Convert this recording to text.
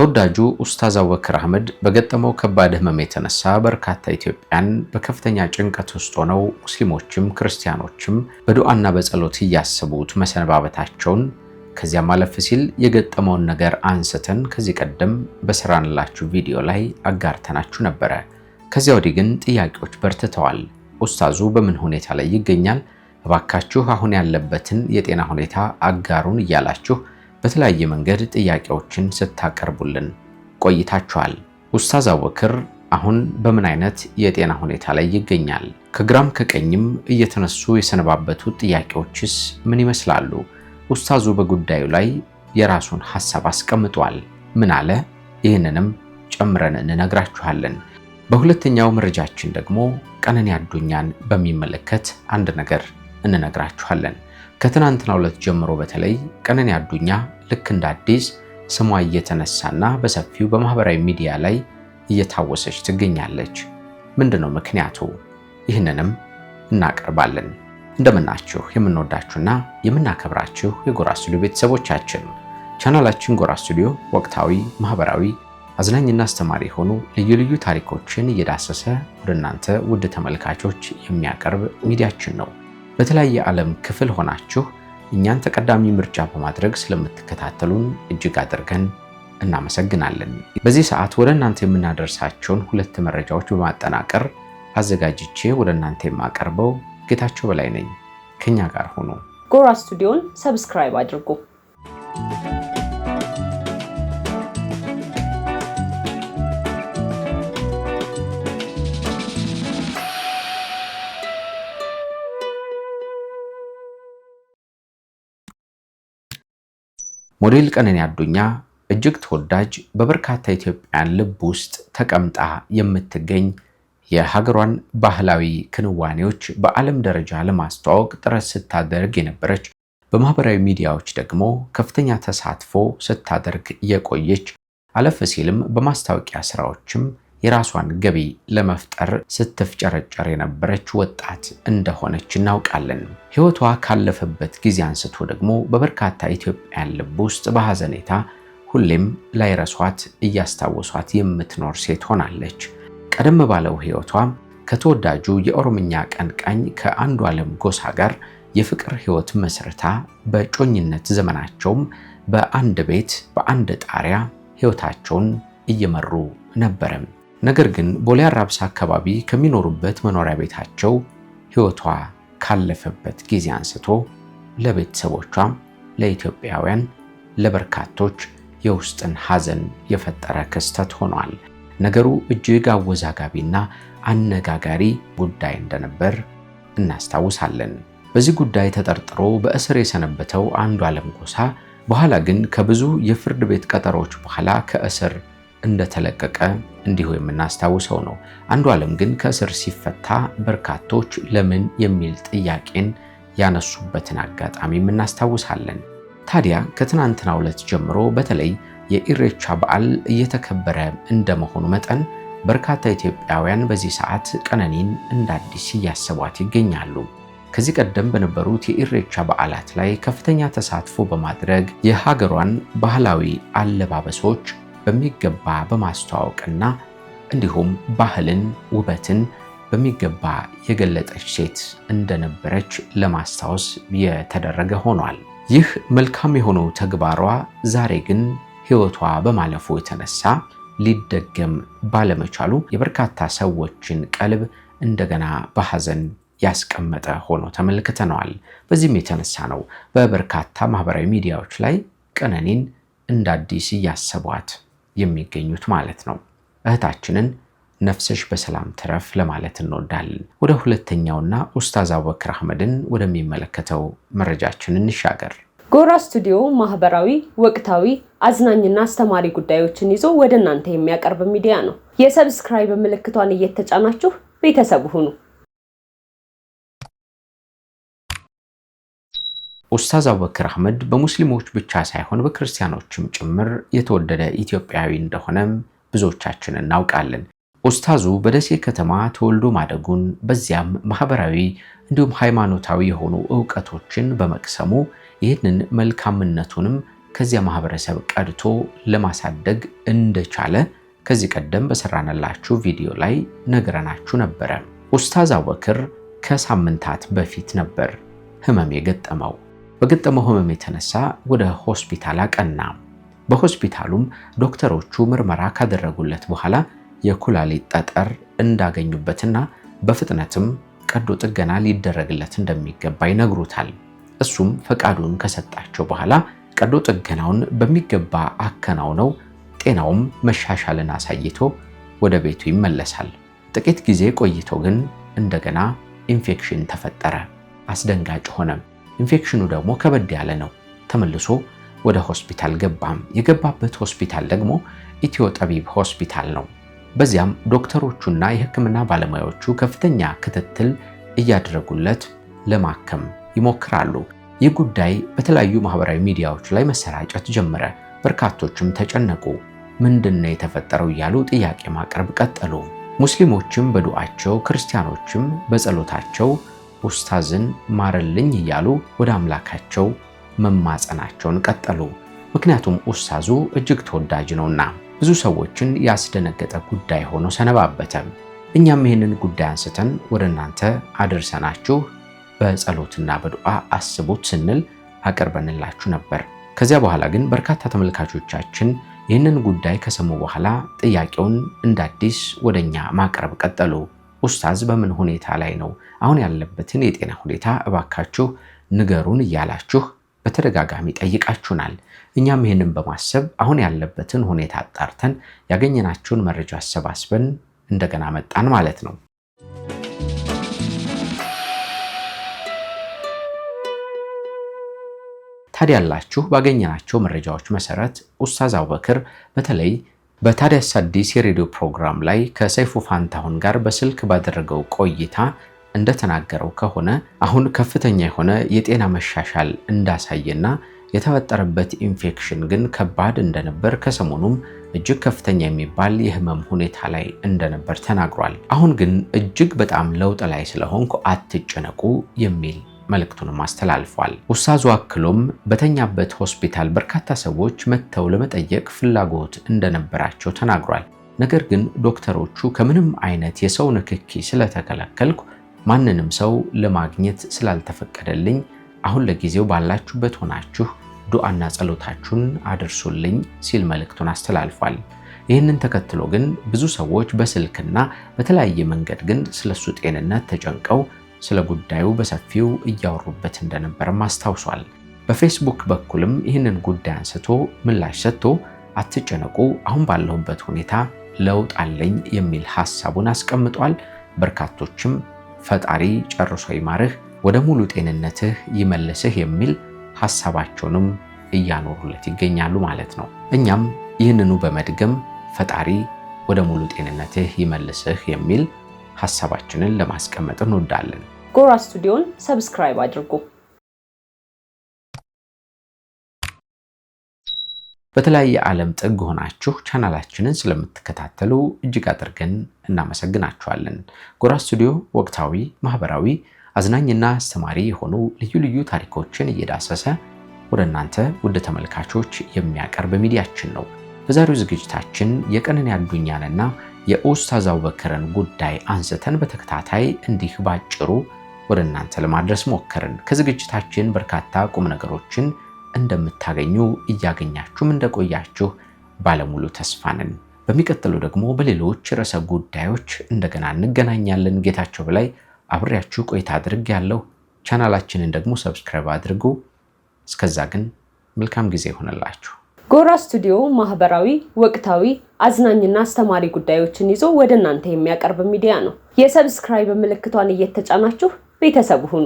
ተወዳጁ ኡስታዝ አቡበክር አህመድ በገጠመው ከባድ ህመም የተነሳ በርካታ ኢትዮጵያን በከፍተኛ ጭንቀት ውስጥ ሆነው ሙስሊሞችም ክርስቲያኖችም በዱዓና በጸሎት እያሰቡት መሰነባበታቸውን ከዚያም አለፍ ሲል የገጠመውን ነገር አንስተን ከዚህ ቀደም በሰራንላችሁ ቪዲዮ ላይ አጋርተናችሁ ነበረ። ከዚያ ወዲህ ግን ጥያቄዎች በርትተዋል። ኡስታዙ በምን ሁኔታ ላይ ይገኛል? እባካችሁ አሁን ያለበትን የጤና ሁኔታ አጋሩን እያላችሁ በተለያየ መንገድ ጥያቄዎችን ስታቀርቡልን ቆይታችኋል። ኡስታዝ አቡበክር አሁን በምን አይነት የጤና ሁኔታ ላይ ይገኛል? ከግራም ከቀኝም እየተነሱ የሰነባበቱ ጥያቄዎችስ ምን ይመስላሉ? ኡስታዙ በጉዳዩ ላይ የራሱን ሐሳብ አስቀምጧል። ምን አለ? ይህንንም ጨምረን እንነግራችኋለን። በሁለተኛው መረጃችን ደግሞ ቀነኒ አዱኛን በሚመለከት አንድ ነገር እንነግራችኋለን። ከትናንትና ዕለት ጀምሮ በተለይ ቀነኒ አዱኛ ልክ እንደ አዲስ ስሟ እየተነሳና በሰፊው በማህበራዊ ሚዲያ ላይ እየታወሰች ትገኛለች። ምንድነው ምክንያቱ? ይህንንም እናቀርባለን። እንደምናችሁ የምንወዳችሁና የምናከብራችሁ የጎራ ስቱዲዮ ቤተሰቦቻችን ቻናላችን ጎራ ስቱዲዮ ወቅታዊ፣ ማህበራዊ፣ አዝናኝና አስተማሪ የሆኑ ልዩ ልዩ ታሪኮችን እየዳሰሰ ወደ እናንተ ውድ ተመልካቾች የሚያቀርብ ሚዲያችን ነው። በተለያየ ዓለም ክፍል ሆናችሁ እኛን ተቀዳሚ ምርጫ በማድረግ ስለምትከታተሉን እጅግ አድርገን እናመሰግናለን። በዚህ ሰዓት ወደ እናንተ የምናደርሳቸውን ሁለት መረጃዎች በማጠናቀር አዘጋጅቼ ወደ እናንተ የማቀርበው ጌታቸው በላይ ነኝ። ከኛ ጋር ሆኖ ጎራ ስቱዲዮን ሰብስክራይብ አድርጉ። ሞዴል ቀነኒ አዱኛ እጅግ ተወዳጅ በበርካታ ኢትዮጵያን ልብ ውስጥ ተቀምጣ የምትገኝ የሀገሯን ባህላዊ ክንዋኔዎች በዓለም ደረጃ ለማስተዋወቅ ጥረት ስታደርግ የነበረች በማህበራዊ ሚዲያዎች ደግሞ ከፍተኛ ተሳትፎ ስታደርግ የቆየች አለፍ ሲልም በማስታወቂያ ስራዎችም የራሷን ገቢ ለመፍጠር ስትፍጨረጨር የነበረች ወጣት እንደሆነች እናውቃለን። ሕይወቷ ካለፈበት ጊዜ አንስቶ ደግሞ በበርካታ ኢትዮጵያን ልብ ውስጥ በሐዘኔታ ሁሌም ላይረሷት እያስታወሷት የምትኖር ሴት ሆናለች። ቀደም ባለው ሕይወቷ ከተወዳጁ የኦሮምኛ ቀንቃኝ ከአንዱ ዓለም ጎሳ ጋር የፍቅር ሕይወት መስርታ በጮኝነት ዘመናቸውም በአንድ ቤት በአንድ ጣሪያ ሕይወታቸውን እየመሩ ነበረም። ነገር ግን ቦሌ አራብሳ አካባቢ ከሚኖሩበት መኖሪያ ቤታቸው ሕይወቷ ካለፈበት ጊዜ አንስቶ ለቤተሰቦቿም ለኢትዮጵያውያን ለበርካቶች የውስጥን ሐዘን የፈጠረ ክስተት ሆኗል። ነገሩ እጅግ አወዛጋቢና አነጋጋሪ ጉዳይ እንደነበር እናስታውሳለን። በዚህ ጉዳይ ተጠርጥሮ በእስር የሰነበተው አንዱ ዓለም ጎሳ በኋላ ግን ከብዙ የፍርድ ቤት ቀጠሮች በኋላ ከእስር እንደተለቀቀ እንዲሁ የምናስታውሰው ነው። አንዱ ዓለም ግን ከእስር ሲፈታ በርካቶች ለምን የሚል ጥያቄን ያነሱበትን አጋጣሚ እናስታውሳለን። ታዲያ ከትናንትና ዕለት ጀምሮ በተለይ የኢሬቻ በዓል እየተከበረ እንደመሆኑ መጠን በርካታ ኢትዮጵያውያን በዚህ ሰዓት ቀነኒን እንደ አዲስ እያሰቧት ይገኛሉ። ከዚህ ቀደም በነበሩት የኢሬቻ በዓላት ላይ ከፍተኛ ተሳትፎ በማድረግ የሀገሯን ባህላዊ አለባበሶች በሚገባ በማስተዋወቅና እንዲሁም ባህልን፣ ውበትን በሚገባ የገለጠች ሴት እንደነበረች ለማስታወስ የተደረገ ሆኗል። ይህ መልካም የሆነው ተግባሯ ዛሬ ግን ሕይወቷ በማለፉ የተነሳ ሊደገም ባለመቻሉ የበርካታ ሰዎችን ቀልብ እንደገና በሐዘን ያስቀመጠ ሆኖ ተመልክተነዋል። በዚህም የተነሳ ነው በበርካታ ማህበራዊ ሚዲያዎች ላይ ቀነኒን እንደ አዲስ እያሰቧት የሚገኙት ማለት ነው። እህታችንን ነፍሰሽ በሰላም ትረፍ ለማለት እንወዳለን። ወደ ሁለተኛውና ኡስታዝ አቡበክር አህመድን ወደሚመለከተው መረጃችን እንሻገር። ጎራ ስቱዲዮ ማህበራዊ፣ ወቅታዊ፣ አዝናኝና አስተማሪ ጉዳዮችን ይዞ ወደ እናንተ የሚያቀርብ ሚዲያ ነው። የሰብስክራይብ ምልክቷን እየተጫናችሁ ቤተሰብ ሁኑ። ኡስታዝ አቡበክር አህመድ በሙስሊሞች ብቻ ሳይሆን በክርስቲያኖችም ጭምር የተወደደ ኢትዮጵያዊ እንደሆነም ብዙዎቻችን እናውቃለን። ኡስታዙ በደሴ ከተማ ተወልዶ ማደጉን በዚያም ማህበራዊ እንዲሁም ሃይማኖታዊ የሆኑ እውቀቶችን በመቅሰሙ ይህንን መልካምነቱንም ከዚያ ማህበረሰብ ቀድቶ ለማሳደግ እንደቻለ ከዚህ ቀደም በሰራንላችሁ ቪዲዮ ላይ ነግረናችሁ ነበረ። ኡስታዝ አቡበክር ከሳምንታት በፊት ነበር ህመም የገጠመው። በገጠመው ህመም የተነሳ ወደ ሆስፒታል አቀና። በሆስፒታሉም ዶክተሮቹ ምርመራ ካደረጉለት በኋላ የኩላሊት ጠጠር እንዳገኙበትና በፍጥነትም ቀዶ ጥገና ሊደረግለት እንደሚገባ ይነግሩታል። እሱም ፈቃዱን ከሰጣቸው በኋላ ቀዶ ጥገናውን በሚገባ አከናውነው ጤናውም መሻሻልን አሳይቶ ወደ ቤቱ ይመለሳል። ጥቂት ጊዜ ቆይቶ ግን እንደገና ኢንፌክሽን ተፈጠረ። አስደንጋጭ ሆነ። ኢንፌክሽኑ ደግሞ ከበድ ያለ ነው። ተመልሶ ወደ ሆስፒታል ገባም። የገባበት ሆስፒታል ደግሞ ኢትዮ ጠቢብ ሆስፒታል ነው። በዚያም ዶክተሮቹና የሕክምና ባለሙያዎቹ ከፍተኛ ክትትል እያደረጉለት ለማከም ይሞክራሉ። ይህ ጉዳይ በተለያዩ ማህበራዊ ሚዲያዎች ላይ መሰራጨት ጀመረ። በርካቶችም ተጨነቁ። ምንድን ነው የተፈጠረው እያሉ ጥያቄ ማቅረብ ቀጠሉ። ሙስሊሞችም በዱዓቸው ክርስቲያኖችም በጸሎታቸው ኡስታዝን ማርልኝ እያሉ ወደ አምላካቸው መማጸናቸውን ቀጠሉ። ምክንያቱም ኡስታዙ እጅግ ተወዳጅ ነውና ብዙ ሰዎችን ያስደነገጠ ጉዳይ ሆኖ ሰነባበተ። እኛም ይህንን ጉዳይ አንስተን ወደ እናንተ አድርሰናችሁ በጸሎትና በዱዓ አስቡት ስንል አቅርበንላችሁ ነበር። ከዚያ በኋላ ግን በርካታ ተመልካቾቻችን ይህንን ጉዳይ ከሰሙ በኋላ ጥያቄውን እንደ አዲስ ወደ እኛ ማቅረብ ቀጠሉ። ኡስታዝ በምን ሁኔታ ላይ ነው? አሁን ያለበትን የጤና ሁኔታ እባካችሁ ንገሩን እያላችሁ በተደጋጋሚ ጠይቃችሁናል። እኛም ይህንን በማሰብ አሁን ያለበትን ሁኔታ አጣርተን ያገኘናችሁን መረጃ አሰባስበን እንደገና መጣን ማለት ነው። ታዲያ ያላችሁ ባገኘናቸው መረጃዎች መሰረት ኡስታዝ አቡበክር በተለይ በታዲያስ አዲስ የሬዲዮ ፕሮግራም ላይ ከሰይፉ ፋንታሁን ጋር በስልክ ባደረገው ቆይታ እንደተናገረው ከሆነ አሁን ከፍተኛ የሆነ የጤና መሻሻል እንዳሳየና የተፈጠረበት ኢንፌክሽን ግን ከባድ እንደነበር ከሰሞኑም እጅግ ከፍተኛ የሚባል የህመም ሁኔታ ላይ እንደነበር ተናግሯል። አሁን ግን እጅግ በጣም ለውጥ ላይ ስለሆንኩ አትጨነቁ የሚል መልእክቱንም አስተላልፏል። ኡስታዙ አክሎም በተኛበት ሆስፒታል በርካታ ሰዎች መጥተው ለመጠየቅ ፍላጎት እንደነበራቸው ተናግሯል። ነገር ግን ዶክተሮቹ ከምንም አይነት የሰው ንክኪ ስለተከለከልኩ ማንንም ሰው ለማግኘት ስላልተፈቀደልኝ አሁን ለጊዜው ባላችሁበት ሆናችሁ ዱዓና ጸሎታችሁን አድርሱልኝ ሲል መልእክቱን አስተላልፏል። ይህንን ተከትሎ ግን ብዙ ሰዎች በስልክና በተለያየ መንገድ ግን ስለሱ ጤንነት ተጨንቀው ስለ ጉዳዩ በሰፊው እያወሩበት እንደነበርም አስታውሷል። በፌስቡክ በኩልም ይህንን ጉዳይ አንስቶ ምላሽ ሰጥቶ አትጨነቁ፣ አሁን ባለሁበት ሁኔታ ለውጥ አለኝ የሚል ሐሳቡን አስቀምጧል። በርካቶችም ፈጣሪ ጨርሶ ይማርህ፣ ወደ ሙሉ ጤንነትህ ይመልስህ የሚል ሐሳባቸውንም እያኖሩለት ይገኛሉ ማለት ነው። እኛም ይህንኑ በመድገም ፈጣሪ ወደ ሙሉ ጤንነትህ ይመልስህ የሚል ሀሳባችንን ለማስቀመጥ እንወዳለን። ጎራ ስቱዲዮን ሰብስክራይብ አድርጉ። በተለያየ ዓለም ጥግ ሆናችሁ ቻናላችንን ስለምትከታተሉ እጅግ አድርገን እናመሰግናችኋለን። ጎራ ስቱዲዮ ወቅታዊ፣ ማህበራዊ፣ አዝናኝና አስተማሪ የሆኑ ልዩ ልዩ ታሪኮችን እየዳሰሰ ወደ እናንተ ውድ ተመልካቾች የሚያቀርብ ሚዲያችን ነው። በዛሬው ዝግጅታችን የቀንን ያዱኛንና የኡስታዝ አቡበከርን ጉዳይ አንስተን በተከታታይ እንዲህ ባጭሩ ወደ እናንተ ለማድረስ ሞከርን። ከዝግጅታችን በርካታ ቁም ነገሮችን እንደምታገኙ እያገኛችሁም እንደቆያችሁ ባለሙሉ ተስፋ ነን። በሚቀጥሉ ደግሞ በሌሎች ርዕሰ ጉዳዮች እንደገና እንገናኛለን። ጌታቸው በላይ አብሬያችሁ ቆይታ አድርግ ያለው ቻናላችንን ደግሞ ሰብስክራይብ አድርጉ። እስከዛ ግን መልካም ጊዜ ይሆንላችሁ። ጎራ ስቱዲዮ ማህበራዊ፣ ወቅታዊ፣ አዝናኝና አስተማሪ ጉዳዮችን ይዞ ወደ እናንተ የሚያቀርብ ሚዲያ ነው። የሰብስክራይብ ምልክቷን እየተጫናችሁ ቤተሰብ ሁኑ።